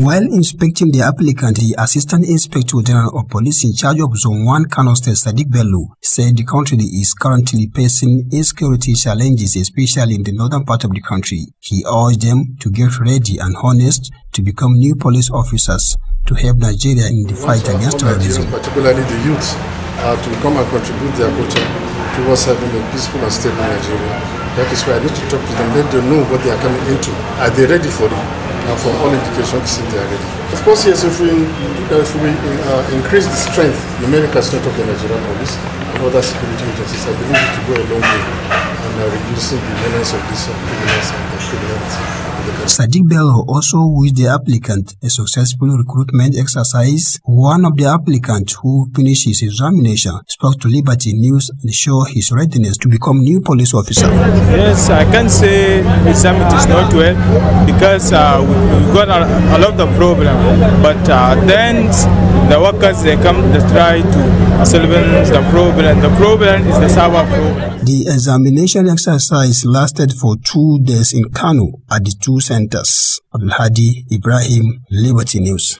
While inspecting the applicant, the Assistant Inspector General of Police in charge of Zone 1 Kano State Sadiq Bello said the country is currently facing insecurity challenges, especially in the northern part of the country. He urged them to get ready and honest to become new police officers to help Nigeria in the fight against terrorism. Particularly the youth uh, to come and contribute their quota towards having a peaceful and stable Nigeria. That is why I need to talk to them, let them know what they are coming into. Are they ready for it? for all Of course, yes, if we, if we uh, increase the strength, numerical strength of the Nigerian police and other security agencies, I believe it will go a long way and reducing the menace of these criminals and the criminals. Sadiq Bello also wished the applicant a successful recruitment exercise. One of the applicants who finished his examination spoke to Liberty News and showed his readiness to become new police officer. Yes, I can say the summit is not well because uh, we, we, got a, a, lot of problem. But uh, then the workers they come they try to solve the problem. The problem is the server problem. The examination initial exercise lasted for two days in Kano at the two centers. Abdulhadi Ibrahim, Liberty News.